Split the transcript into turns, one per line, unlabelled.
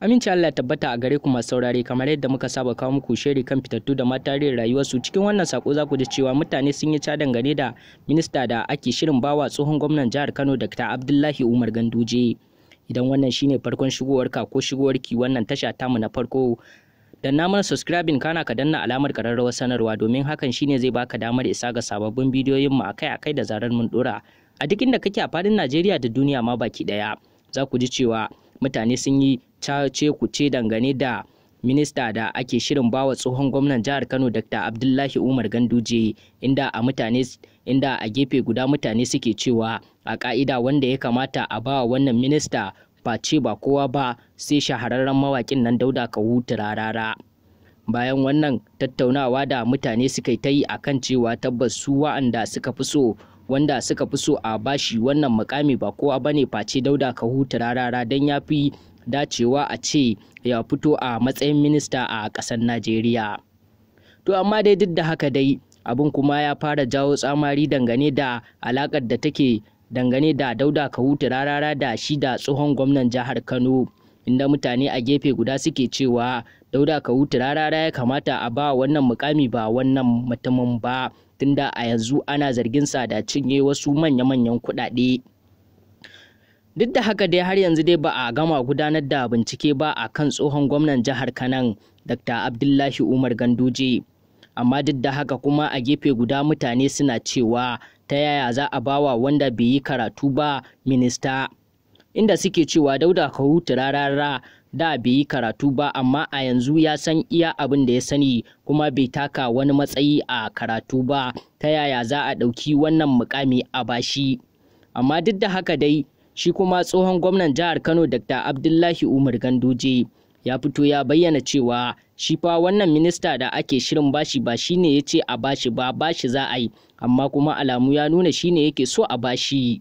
Aminci Allah tabbata a gare ku masu saurare kamar yadda muka saba kawo muku shiri kan fitattu da mata rayuwarsu cikin wannan sako za ku ji cewa mutane sun yi cadan gane da minista da ake shirin bawa tsohon gwamnan jihar Kano Dr. Abdullahi Umar Ganduje. Idan wannan shine farkon shigowarka ko shigowarki wannan tasha tamu na farko da naman subscribing kana ka danna alamar kararrawar sanarwa domin hakan shine zai baka damar isa ga sababbin bidiyoyin mu akai-akai da zarar mun dora a duk inda kake a fadin Najeriya da duniya ma baki daya za ku ji cewa mutane sun yi ce dangane da minista da ake shirin bawa tsohon gwamnan jihar kano dr abdullahi umar ganduje inda a mutane inda a gefe guda mutane suke cewa a ka'ida wanda ya kamata a bawa wannan minista face ba kowa ba sai shahararren mawakin nan dauda kawu turarara bayan wannan tattaunawa da mutane suka ta yi akan cewa tabbas su wa'anda suka fi so wanda suka fi so a bashi wannan mukami ba kowa bane face dauda ka huta rarara don ya fi dacewa a ce ya fito a matsayin minista a ƙasar najeriya to amma dai duk da haka dai abin kuma ya fara jawo tsamari dangane da alakar da take dangane da dauda ka huta rarara da shi da tsohon gwamnan jihar kano inda mutane a gefe guda suke cewa dauda ka rarara ya kamata a ba wannan mukami ba wannan mutumin ba tunda a yanzu ana zargin sa da cinye wasu manya-manyan kuɗaɗe. duk da haka dai har yanzu dai ba a gama gudanar da bincike ba a kan tsohon gwamnan jihar kanan dr abdullahi umar ganduje amma duk da haka kuma a gefe guda mutane suna cewa ta yaya za a bawa wanda bai yi karatu ba minista inda suke cewa dauda ka hutu rarara da bai yi karatu ba amma a yanzu ya san iya abin da ya sani kuma bai taka wani matsayi a karatu ba ta yaya za a ɗauki wannan mukami a bashi amma duk da haka dai shi kuma tsohon gwamnan jihar kano dr abdullahi umar Gandoje ya fito ya bayyana cewa shi fa wannan minista da ake shirin bashi ba shine ya ce a bashi ba bashi za a yi amma kuma alamu ya nuna shine yake so a bashi